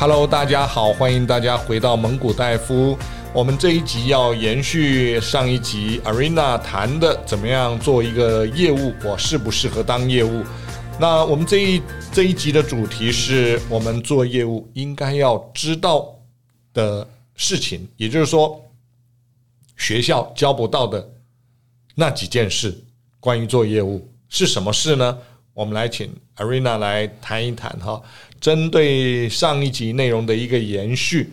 Hello，大家好，歡迎大家回到萌骨戴夫。我們這一集要延續上一集 Arina 談的怎麼樣做一個業務，我適不適合當業務？那我們這一這一集的主題是我們做業務應該要知道的事情，也就是說學校教不到的那幾件事，關於做業務是什麼事呢？我們來請 Arina 來談一談哈，針對上一集內容的一個延續，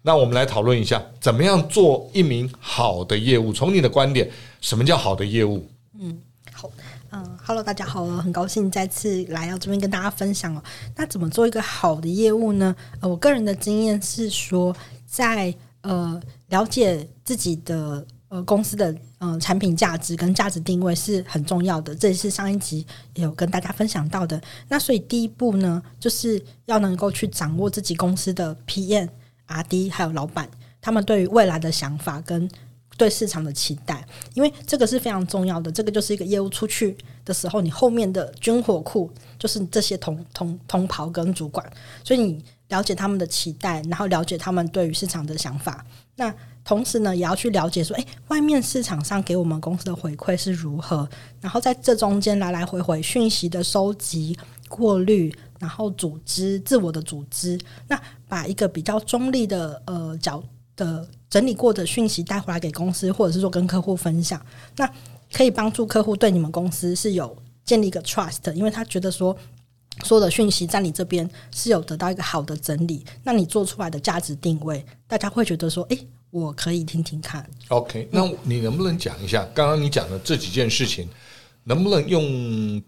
那我們來討論一下，怎麼樣做一名好的業務？從你的觀點，什麼叫好的業務？嗯，好，嗯，哈嘍，Hello, 大家好，很高興再次來到這邊跟大家分享哦，那怎麼做一個好的業務呢？呃，我個人的經驗是說在，在呃了解自己的。呃，公司的嗯、呃、產品價值跟價值定位是很重要的，這也是上一集有跟大家分享到的。那所以第一步呢，就是要能夠去掌握自己公司的 PM、RD 還有老闆他們對於未來的想法跟對市場的期待，因為這個是非常重要的。這個就是一個業務出去的時候，你後面的軍火庫就是這些同同同袍跟主管，所以你了解他們的期待，然後了解他們對於市場的想法，那。同時呢，也要去了解說，哎、欸，外面市場上給我們公司的回饋是如何？然後在這中間來來回回訊息的收集、過濾，然後組織自我的組織，那把一個比較中立的呃角的整理過的訊息帶回來給公司，或者是說跟客戶分享，那可以幫助客戶對你們公司是有建立一個 trust，因為他覺得說，所有的訊息在你這邊是有得到一個好的整理，那你做出來的價值定位，大家會覺得說，哎、欸。我可以聽聽看。OK，那你能不能講一下剛剛你講的這幾件事情，能不能用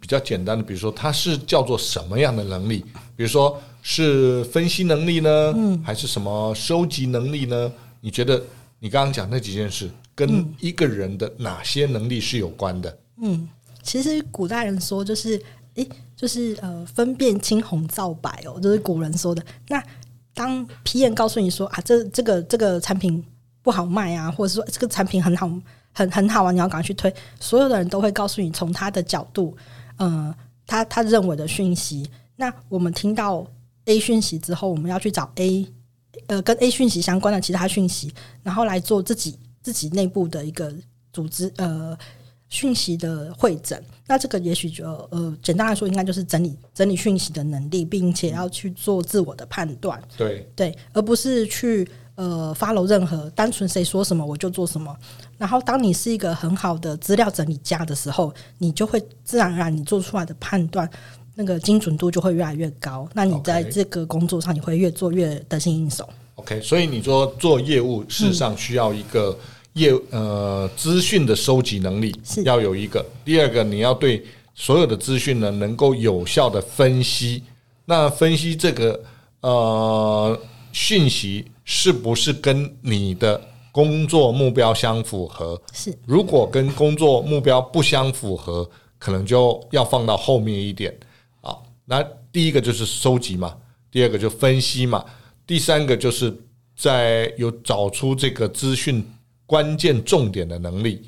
比較簡單的，比如說它是叫做什麼樣的能力？比如說是分析能力呢，嗯、還是什麼收集能力呢？你覺得你剛剛講那幾件事跟一個人的哪些能力是有關的？嗯，其實古代人說就是，哎，就是呃，分辨青紅皂白哦，就是古人說的。那當別人告訴你說啊，這這個這個產品。不好賣啊，或者說這個產品很好，很很好啊，你要趕快去推。所有的人都會告訴你從他的角度，呃，他他認為的訊息。那我們聽到 A 訊息之後，我們要去找 A，呃，跟 A 訊息相關的其他訊息，然後來做自己自己內部的一個組織，呃，訊息的彙整。那這個也許就呃，簡單來說，應該就是整理整理訊息的能力，並且要去做自我的判斷。對對，而不是去。呃，follow 任何單純誰說什麼我就做什麼。然後，當你是一個很好的資料整理家的時候，你就會自然而然你做出來的判斷那個精準度就會越來越高。那你在這個工作上，你會越做越得心應手。Okay. OK，所以你說做業務，事實上需要一個業呃資訊的收集能力，要有一個。第二個，你要對所有的資訊呢，能夠有效的分析。那分析這個呃訊息。是不是跟你的工作目標相符合？是。如果跟工作目標不相符合，可能就要放到後面一點。好，那第一個就是收集嘛，第二個就分析嘛，第三個就是在有找出這個資訊關鍵重點的能力。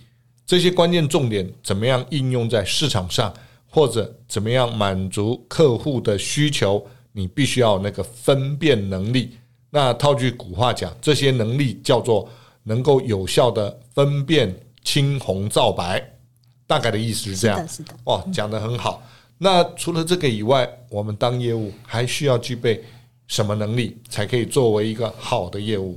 這些關鍵重點怎麼樣應用在市場上，或者怎麼樣滿足客戶的需求？你必須要那個分辨能力。那套句古話講，這些能力叫做能夠有效的分辨青紅皂白，大概的意思是這樣。是的是的哦，講得很好。嗯、那除了這個以外，我們當業務還需要具備什麼能力，才可以作為一個好的業務？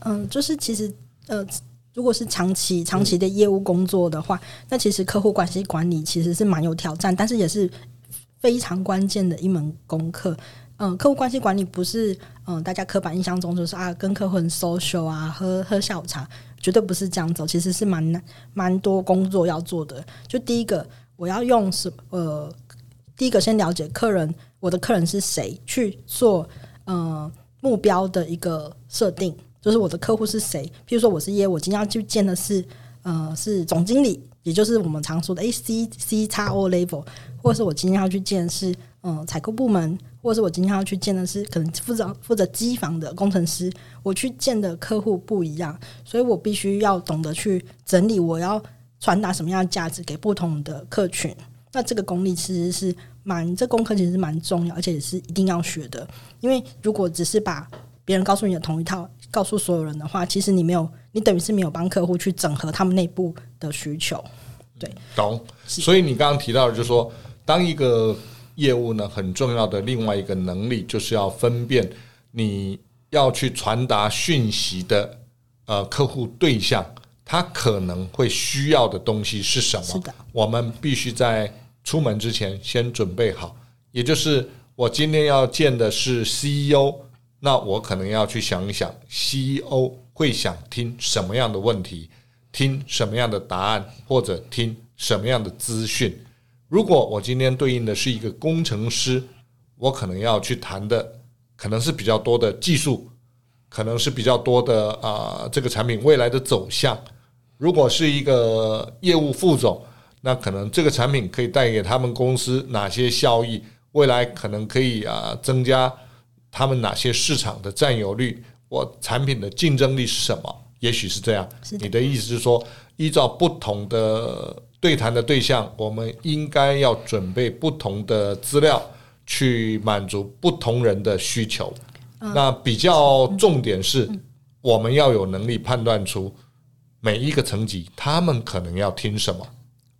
嗯，就是其實，呃，如果是長期長期的業務工作的話，嗯、那其實客戶關係管理其實是蠻有挑戰，但是也是非常關鍵的一門功課。嗯，客戶關係管理不是嗯，大家刻板印象中就是啊，跟客戶很 social 啊，喝喝下午茶，絕對不是這樣子哦。其實是蠻蠻多工作要做的。就第一個，我要用什呃，第一個先了解客人，我的客人是誰，去做嗯、呃、目標的一個設定，就是我的客戶是誰。譬如說我是耶，我今天要去見的是嗯、呃，是總經理，也就是我們常說的 A C C 叉 O level，或者是我今天要去見的是嗯、呃、採購部門。或者是我今天要去見的是可能負責負責機房的工程師，我去見的客戶不一樣，所以我必須要懂得去整理我要傳達什麼樣的價值給不同的客群。那這個功力其實是蠻，這功課其實是蠻重要，而且也是一定要學的，因為如果只是把別人告訴你的同一套告訴所有人的話，其實你沒有，你等於是沒有幫客戶去整合他們內部的需求。對，懂。所以你剛剛提到的就是說，當一個業務呢，很重要的另外一個能力，就是要分辨你要去傳達訊息的呃客戶對象，他可能會需要的東西是什麼？是的。我們必須在出門之前先準備好。也就是我今天要見的是 CEO，那我可能要去想一想 CEO 會想聽什麼樣的問題，聽什麼樣的答案，或者聽什麼樣的資訊。如果我今天對應的是一個工程師，我可能要去談的可能是比較多的技術，可能是比較多的啊、呃，這個產品未來的走向。如果是一個業務副總，那可能這個產品可以帶給他們公司哪些效益？未來可能可以啊、呃，增加他們哪些市場的佔有率？我產品的競爭力是什麼？也許是這樣。是的，你的意思是說，依照不同的。對談的對象，我們應該要準備不同的資料，去滿足不同人的需求。嗯、那比較重點是，嗯嗯、我們要有能力判斷出每一個層級，他們可能要聽什麼。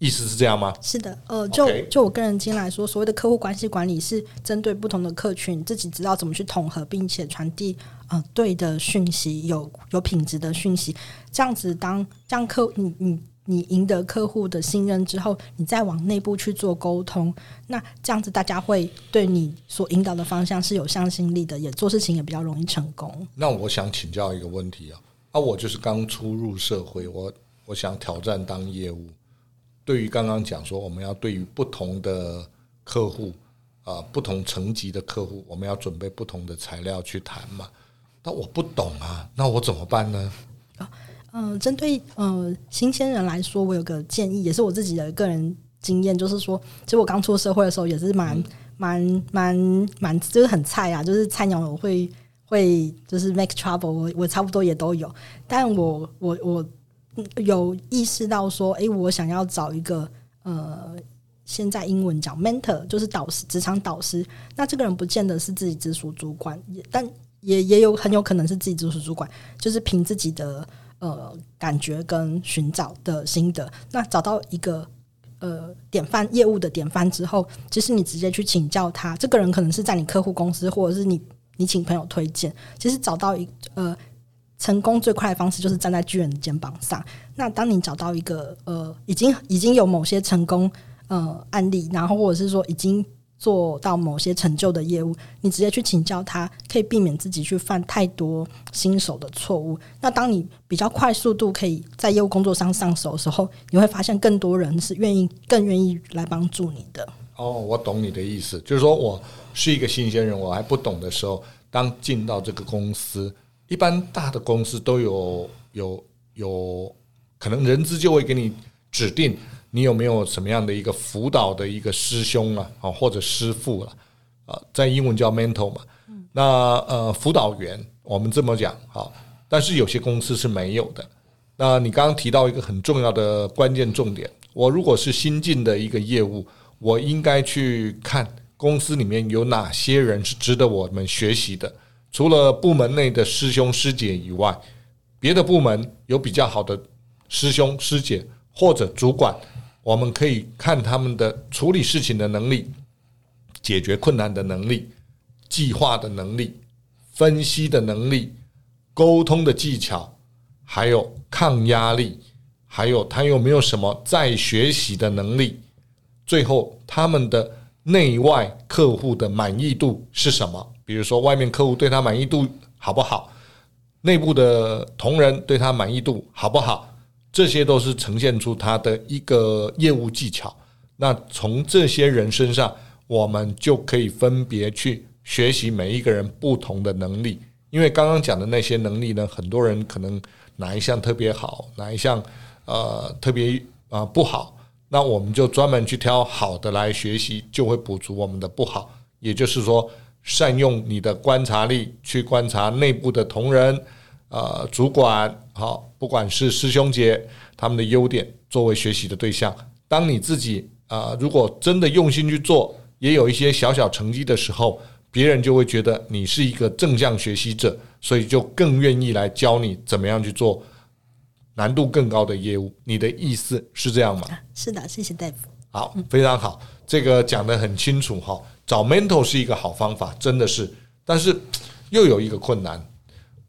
意思是這樣嗎？是的，呃，就就我個人經驗來說，所謂的客戶關係管理是針對不同的客群，自己知道怎麼去統合，並且傳遞啊對的訊息，有有品質的訊息。這樣子當，當這樣客，你你。你贏得客戶的信任之後，你再往內部去做溝通，那這樣子大家會對你所引導的方向是有向心力的，也做事情也比較容易成功。那我想請教一個問題啊，啊，我就是剛出入社會，我我想挑戰當業務。對於剛剛講說，我們要對於不同的客戶啊、呃，不同層級的客戶，我們要準備不同的材料去談嘛？那我不懂啊，那我怎麼辦呢？啊嗯，針對嗯，呃，新鮮人來說，我有個建議，也是我自己的個人經驗，就是說，其實我剛出社會的時候也是蠻蠻蠻蠻就是很菜啊，就是菜鳥，我會會就是 make trouble，我我差不多也都有，但我我我有意識到說，誒、欸，我想要找一個呃，現在英文講 mentor，就是導師，職場導師，那這個人不見得是自己直屬主管，也但也也有很有可能是自己直屬主管，就是憑自己的。呃，感覺跟尋找的心得，那找到一個呃典範業務的典範之後，其實你直接去請教他，這個人可能是在你客戶公司，或者是你你請朋友推薦，其實找到一呃成功最快的方式就是站在巨人的肩膀上。那當你找到一個呃已經已經有某些成功呃案例，然後或者是說已經。做到某些成就的業務，你直接去請教他，可以避免自己去犯太多新手的錯誤。那當你比較快速度可以在業務工作上上手的時候，你會發現更多人是願意、更願意來幫助你的。哦，我懂你的意思，就是說我是一個新鮮人，我還不懂的時候，當進到這個公司，一般大的公司都有、有、有，可能人資就會給你指定。你有沒有什麼樣的一個輔導的一個師兄啊，或者師傅了啊？在英文叫 mentor 嘛。那呃，輔導員我們這麼講啊，但是有些公司是沒有的。那你剛剛提到一個很重要的關鍵重點，我如果是新進的一個業務，我應該去看公司裡面有哪些人是值得我們學習的。除了部門內的師兄師姐以外，別的部門有比較好的師兄師姐或者主管。我們可以看他們的處理事情的能力、解決困難的能力、計劃的能力、分析的能力、溝通的技巧，還有抗壓力，還有他有沒有什麼再學習的能力。最後，他們的內外客戶的滿意度是什麼？比如說，外面客戶對他滿意度好不好？內部的同仁對他滿意度好不好？這些都是呈現出他的一個業務技巧。那從這些人身上，我們就可以分別去學習每一個人不同的能力。因為剛剛講的那些能力呢，很多人可能哪一項特別好，哪一項呃特別啊、呃、不好。那我們就專門去挑好的來學習，就會補足我們的不好。也就是說，善用你的觀察力去觀察內部的同仁。呃，主管好，不管是師兄姐，他們的優點作為學習的對象。當你自己啊、呃，如果真的用心去做，也有一些小小成績的時候，別人就會覺得你是一個正向學習者，所以就更願意來教你怎麼樣去做難度更高的業務。你的意思是這樣嗎？是的，謝謝戴夫。好，非常好，這個講得很清楚哈。找 mentor 是一個好方法，真的是，但是又有一個困難。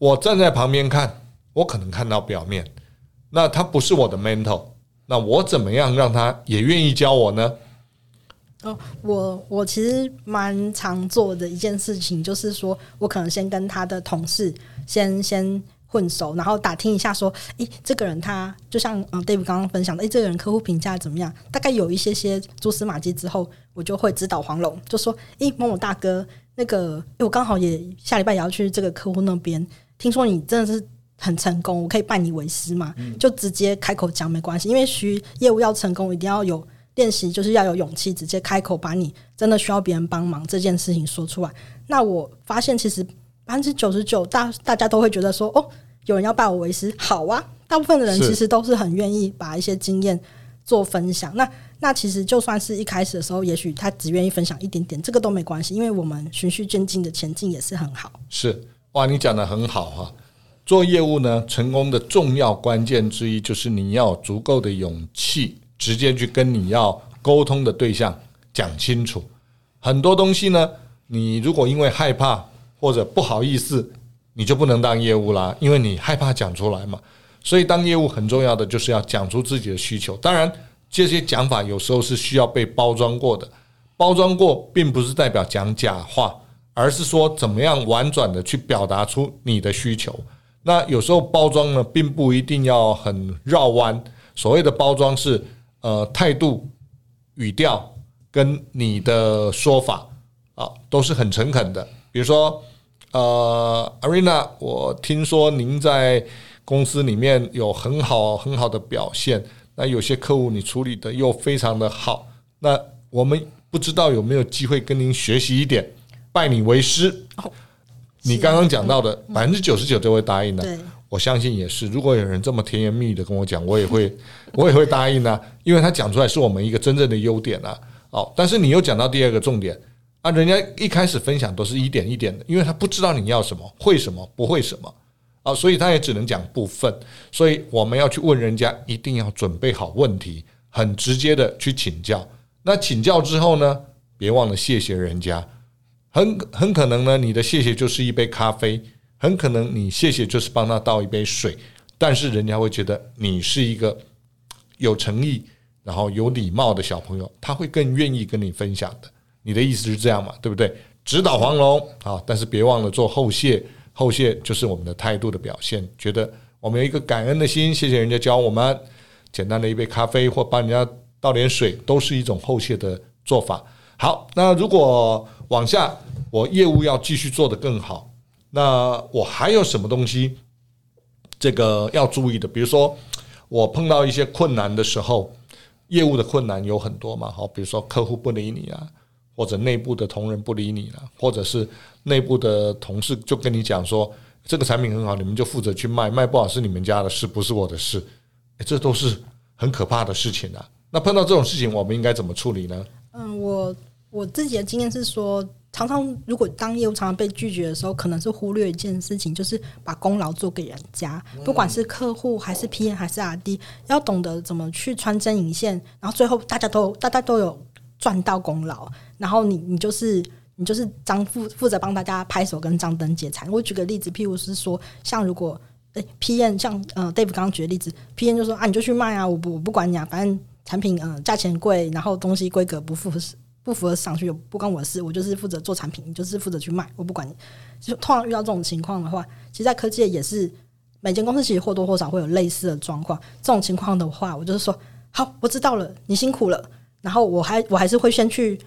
我站在旁邊看，我可能看到表面，那他不是我的 mentor，那我怎麼樣讓他也願意教我呢？哦，我我其實蠻常做的一件事情，就是說，我可能先跟他的同事先先混熟，然後打聽一下，說，哎、欸，這個人他就像嗯，Dave 剛剛分享的，誒、欸，這個人客戶評價怎麼樣？大概有一些些蛛絲馬跡之後，我就會直搗黃龍，就說，哎、欸，某某大哥，那個，為、欸、我剛好也下禮拜也要去這個客戶那邊。聽說你真的是很成功，我可以拜你為師嗎？嗯、就直接開口講沒關係，因為需業務要成功，一定要有練習，就是要有勇氣，直接開口把你真的需要別人幫忙這件事情說出來。那我發現其實百分之九十九大大家都會覺得說，哦，有人要拜我為師，好啊。大部分的人其實都是很願意把一些經驗做分享。是。那那其實就算是一開始的時候，也許他只願意分享一點點，這個都沒關係，因為我們循序漸進的前進也是很好。是。哇，你講得很好哈、啊！做業務呢，成功的重要關鍵之一就是你要有足夠的勇氣，直接去跟你要溝通的對象講清楚。很多東西呢，你如果因為害怕或者不好意思，你就不能當業務啦，因為你害怕講出來嘛。所以，當業務很重要的就是要講出自己的需求。當然，這些講法有時候是需要被包裝過的，包裝過並不是代表講假話。而是說怎麼樣婉轉的去表達出你的需求。那有時候包裝呢，並不一定要很繞彎。所謂的包裝是，呃，態度、語調跟你的說法啊，都是很誠懇的。比如說，呃，Arina，我聽說您在公司裡面有很好很好的表現，那有些客戶你處理的又非常的好，那我們不知道有沒有機會跟您學習一點。拜你為師，你剛剛講到的百分之九十九都會答應的啊，我相信也是。如果有人這麼甜言蜜語的跟我講，我也會我也會答應呢啊。因為他講出來是我們一個真正的優點啊。哦，但是你又講到第二個重點啊，人家一開始分享都是一點一點的，因為他不知道你要什麼，會什麼，不會什麼啊，所以他也只能講部分。所以我們要去問人家，一定要準備好問題，很直接的去請教。那請教之後呢，別忘了謝謝人家。很很可能呢，你的謝謝就是一杯咖啡，很可能你謝謝就是幫他倒一杯水，但是人家會覺得你是一個有誠意、然後有禮貌的小朋友，他會更願意跟你分享的。你的意思是這樣嘛？對不對？直搗黃龍啊！但是別忘了做後謝，後謝就是我們的態度的表現。覺得我們有一個感恩的心，謝謝人家教我們，簡單的一杯咖啡或幫人家倒點水，都是一種後謝的做法。好，那如果。往下，我業務要繼續做得更好。那我還有什麼東西這個要注意的？比如說，我碰到一些困難的時候，業務的困難有很多嘛？好，哦，比如說客戶不理你啊，或者內部的同仁不理你了，啊，或者是內部的同事就跟你講說這個產品很好，你們就負責去賣，賣不好是你們家的事，不是我的事，欸。這都是很可怕的事情啊。那碰到這種事情，我們應該怎麼處理呢？嗯，我。我自己的經驗是說，常常如果當業務常常被拒絕的時候，可能是忽略一件事情，就是把功勞做給人家，嗯、不管是客戶還是 PM 還是 RD，、嗯、要懂得怎麼去穿針引線，然後最後大家都大家都有賺到功勞，然後你你就是你就是張負負責幫大家拍手跟張燈結彩。我舉個例子，譬如是說，像如果誒、欸、PM 像呃 Dave 剛剛舉的例子，PM 就說啊你就去賣啊，我不我不管你啊，反正產品嗯價、呃、錢貴，然後東西規格不符。不符合上去，不關我的事，我就是負責做產品，你就是負責去賣，我不管你。就通常遇到這種情況的話，其實在科技也是每間公司其實或多或少會有類似的狀況。這種情況的話，我就是說，好，我知道了，你辛苦了。然後我還我還是會先去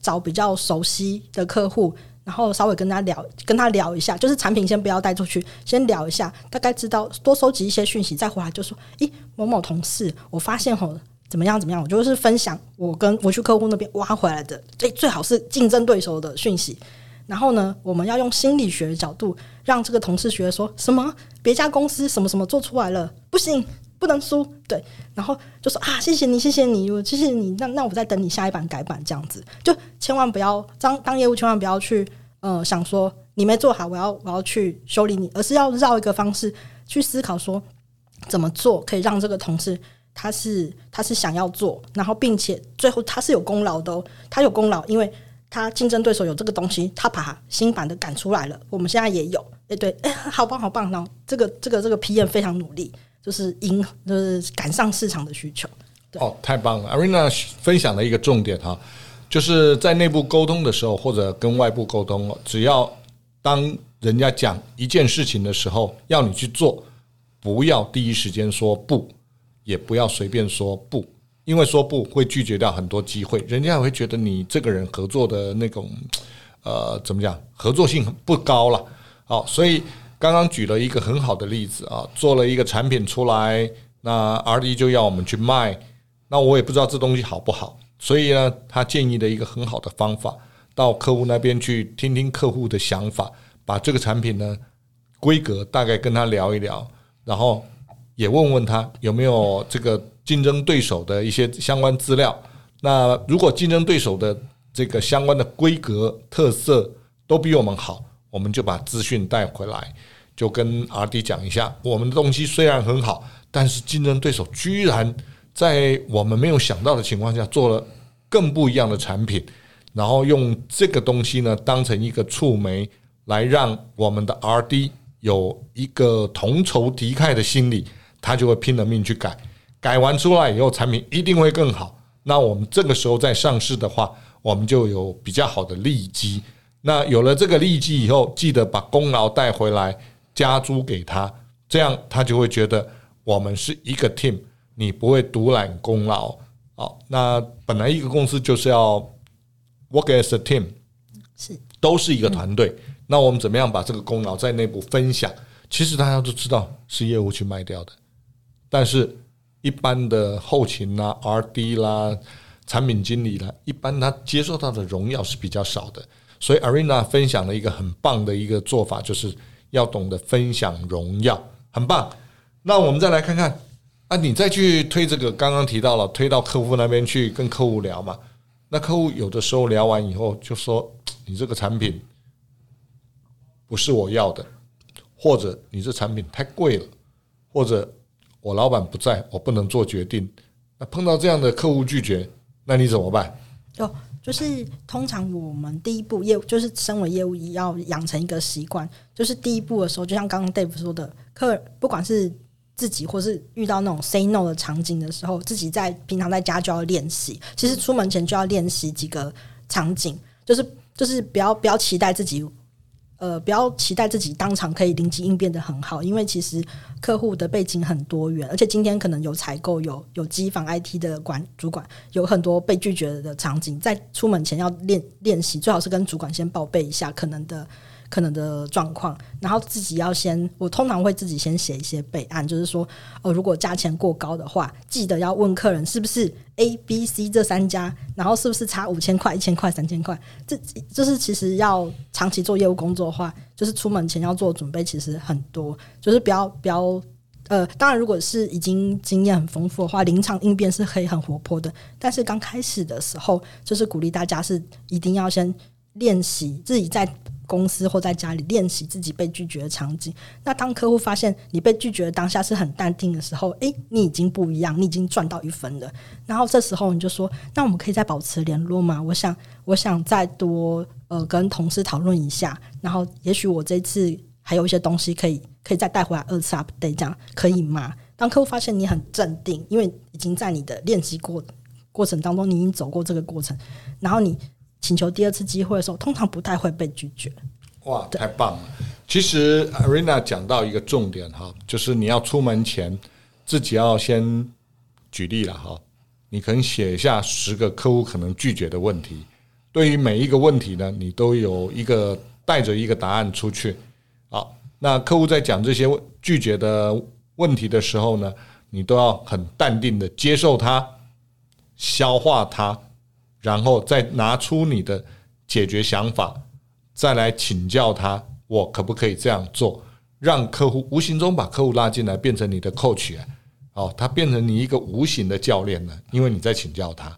找比較熟悉的客戶，然後稍微跟他聊，跟他聊一下，就是產品先不要帶出去，先聊一下，大概知道，多收集一些訊息，再回來就說，咦，某某同事，我發現吼。怎麼樣？怎麼樣？我就是分享我跟我去客戶那邊挖回來的，最最好是競爭對手的訊息。然後呢，我們要用心理學的角度，讓這個同事學說什麼？別家公司什麼什麼做出來了，不行，不能輸。對，然後就說啊，謝謝你，謝謝你，我謝謝你。那那我再等你下一版改版這樣子，就千萬不要當當業務，千萬不要去呃想說你沒做好，我要我要去修理你，而是要繞一個方式去思考說怎麼做可以讓這個同事。他是他是想要做，然後並且最後他是有功勞的，哦，他有功勞，因為他競爭對手有這個東西，他把他新版的趕出來了。我們現在也有，哎、欸，對，好棒，好棒，哦！然後這個這個這個 PM 非常努力，就是迎，就是趕上市場的需求。哦，太棒了。Arina 分享了一個重點哈，就是在內部溝通的時候或者跟外部溝通，只要當人家講一件事情的時候，要你去做，不要第一時間說不。也不要隨便說不，因為說不會拒絕掉很多機會，人家也會覺得你這個人合作的那種，呃，怎麼講，合作性不高了。好，所以剛剛舉了一個很好的例子啊，做了一個產品出來，那 R&D 就要我們去賣，那我也不知道這東西好不好，所以呢，他建議了一個很好的方法，到客戶那邊去聽聽客戶的想法，把這個產品呢規格大概跟他聊一聊，然後。也問問他有沒有這個競爭對手的一些相關資料。那如果競爭對手的這個相關的規格特色都比我們好，我們就把資訊帶回來，就跟 RD 講一下。我們的東西雖然很好，但是競爭對手居然在我們沒有想到的情況下做了更不一樣的產品，然後用這個東西呢當成一個觸媒，來讓我們的 RD 有一個同仇敵愾的心理。他就會拼了命去改，改完出來以後產品一定會更好。那我們這個時候再上市的話，我們就有比較好的利基。那有了這個利基以後，記得把功勞帶回來，加租給他，這樣他就會覺得我們是一個 team，你不會獨攬功勞。哦，那本來一個公司就是要 work as a team，是都是一個團隊。那我們怎麼樣把這個功勞在內部分享？其實大家都知道是業務去賣掉的。但是，一般的後勤啦、啊、RD 啦、產品經理啦、啊，一般他接受到的榮耀是比較少的。所以 Arina 分享了一個很棒的一個做法，就是要懂得分享榮耀，很棒。那我們再來看看，啊，你再去推這個，剛剛提到了，推到客戶那邊去跟客戶聊嘛。那客戶有的時候聊完以後就說：“你這個產品不是我要的，或者你這產品太貴了，或者……”我老闆不在，我不能做決定。那碰到這樣的客戶拒絕，那你怎麼辦？哦，就是通常我們第一步業務，就是身為業務一要養成一個習慣，就是第一步的時候，就像剛剛 Dave 說的，客不管是自己或是遇到那種 say no 的場景的時候，自己在平常在家就要練習，其實出門前就要練習幾個場景，就是就是不要不要期待自己。呃，不要期待自己當場可以靈機應變得很好，因為其實客戶的背景很多元，而且今天可能有採購、有有機房 IT 的管主管，有很多被拒絕的場景。在出門前要練練習，最好是跟主管先報備一下可能的。可能的狀況，然後自己要先，我通常會自己先寫一些備案，就是說，哦，如果價錢過高的話，記得要問客人是不是 A、B、C 這三家，然後是不是差五千塊、一千塊、三千塊。這就是其實要長期做業務工作的話，就是出門前要做準備，其實很多，就是比較比較，呃，當然如果是已經經驗很豐富的話，臨場應變是可以很活潑的。但是剛開始的時候，就是鼓勵大家是一定要先練習自己在。公司或在家裡練習自己被拒絕的場景。那當客戶發現你被拒絕的當下是很淡定的時候，誒、欸，你已經不一樣，你已經賺到一分了。然後這時候你就說：“那我們可以再保持聯絡嗎？我想，我想再多呃跟同事討論一下。然後也許我這次還有一些東西可以可以再帶回來二次 update，這樣可以嗎？”當客戶發現你很鎮定，因為已經在你的練習過過程當中，你已經走過這個過程，然後你。請求第二次機會的時候，通常不太會被拒絕。哇，太棒了！對其實 Arina 講到一個重點哈，就是你要出門前自己要先舉例了哈。你可能寫一下十個客戶可能拒絕的問題，對於每一個問題呢，你都有一個帶着一個答案出去。好，那客戶在講這些拒絕的問題的時候呢，你都要很淡定的接受它，消化它。然後再拿出你的解決想法，再來請教他，我可不可以這樣做？讓客戶無形中把客戶拉進來，變成你的 coach 哦，他變成你一個無形的教練了。因為你在請教他，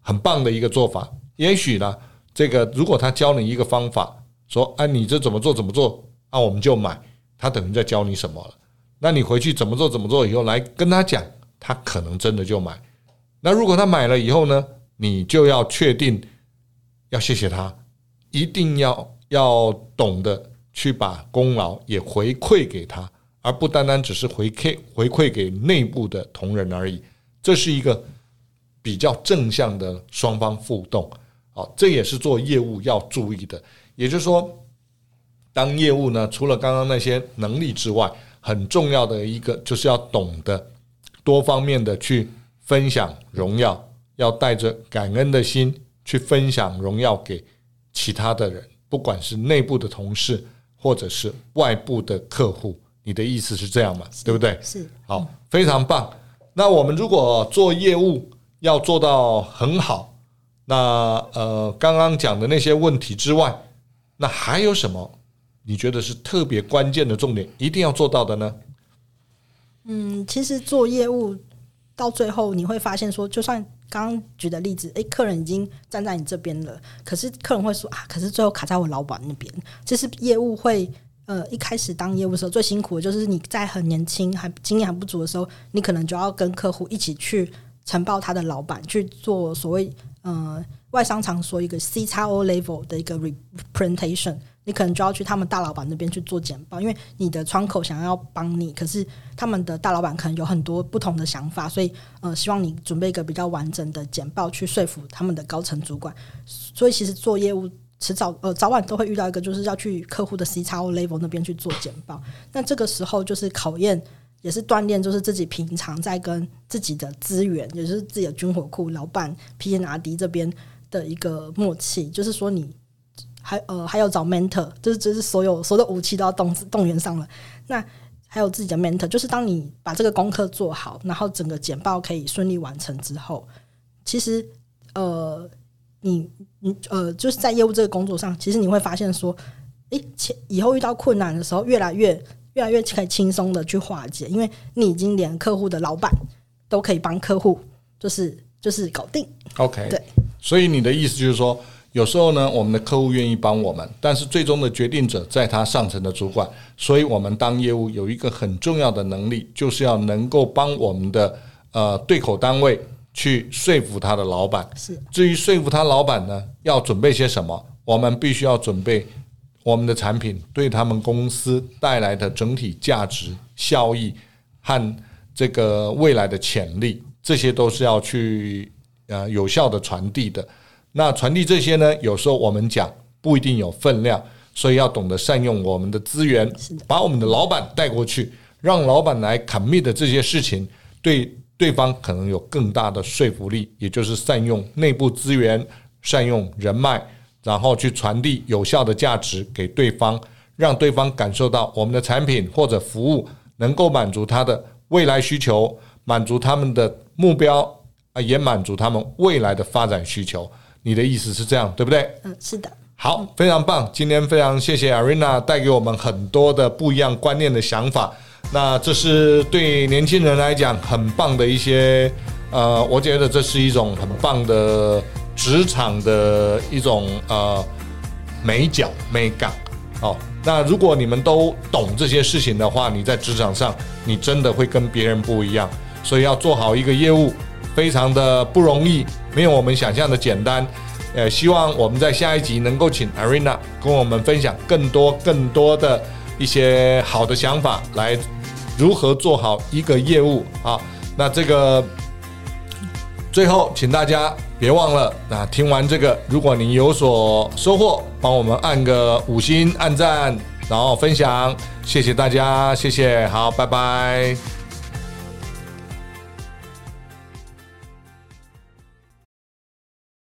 很棒的一個做法。也許呢，這個如果他教你一個方法，說哎、啊，你這怎麼做怎麼做、啊，那我們就買。他等於在教你什麼了？那你回去怎麼做怎麼做？以後來跟他講，他可能真的就買。那如果他買了以後呢？你就要確定，要謝謝他，一定要要懂得去把功勞也回饋給他，而不單單只是回饋回饋給內部的同仁而已。這是一個比較正向的雙方互動，好，這也是做業務要注意的。也就是說，當業務呢，除了剛剛那些能力之外，很重要的一個就是要懂得多方面的去分享榮耀。要帶着感恩的心去分享榮耀給其他的人，不管是內部的同事，或者是外部的客戶。你的意思是這樣嗎？是，對不對？是，是，嗯。好，非常棒。那我們如果做業務要做到很好，那呃，剛剛講的那些問題之外，那還有什麼，你覺得是特別關鍵的重點，一定要做到的呢？嗯，其實做業務到最後你會發現說就算剛剛舉的例子，誒，客人已經站在你這邊了，可是客人會說啊，可是最後卡在我老闆那邊。就是業務會，呃，一開始當業務的時候最辛苦的就是你在很年輕、還經驗還不足的時候，你可能就要跟客戶一起去呈報他的老闆去做所謂，呃，外商常說一個 CXO level 的一個 representation。你可能就要去他們大老板那邊去做簡報，因為你的窗口想要幫你，可是他們的大老板可能有很多不同的想法，所以呃，希望你準備一個比較完整的簡報去說服他們的高層主管。所以其實做業務遲早呃早晚都會遇到一個，就是要去客戶的 CXO level 那邊去做簡報。那這個時候就是考驗，也是鍛鍊，就是自己平常在跟自己的資源，也就是自己的軍火庫老板 PM RD 這邊的一個默契，就是說你。還呃，還有找 mentor，就是就是所有所有的武器都要動動員上了。那還有自己的 mentor，就是當你把這個功課做好，然後整個簡報可以順利完成之後，其實呃，你你呃，就是在業務這個工作上，其實你會發現說，誒、欸，前以後遇到困難的時候，越來越越來越可以輕鬆的去化解，因為你已經連客戶的老板都可以幫客戶，就是就是搞定。OK，對，所以你的意思就是說。有時候呢，我們的客戶願意幫我們，但是最終的決定者在他上層的主管，所以我們當業務有一個很重要的能力，就是要能夠幫我們的呃對口單位去說服他的老板。是至於說服他老板呢，要準備些什麼？我們必須要準備我們的產品對他們公司帶來的整體價值、效益和這個未來的潛力，這些都是要去呃有效地傳遞的。那傳遞這些呢？有時候我們講不一定有分量，所以要懂得善用我們的資源，把我們的老板帶過去，讓老板來 commit 的這些事情，對對方可能有更大的說服力。也就是善用內部資源，善用人脈，然後去傳遞有效的價值給對方，讓對方感受到我們的產品或者服務能夠滿足他的未來需求，滿足他們的目標啊，也滿足他們未來的發展需求。你的意思是這樣，對不對？嗯，是的。好，嗯、非常棒。今天非常謝謝 Arina 帶給我們很多的不一樣觀念的想法。那這是對年輕人來講很棒的一些，呃，我覺得這是一種很棒的職場的一種呃眉角眉角哦，那如果你們都懂這些事情的話，你在職場上你真的會跟別人不一樣。所以要做好一個業務，非常的不容易。沒有我們想象的簡單，呃，希望我們在下一集能夠請 Arina 跟我們分享更多更多的一些好的想法，來如何做好一個業務啊。那這個最後，請大家別忘了，那聽完這個，如果您有所收穫，幫我們按個五星按讚，然後分享，謝謝大家，謝謝，好，拜拜。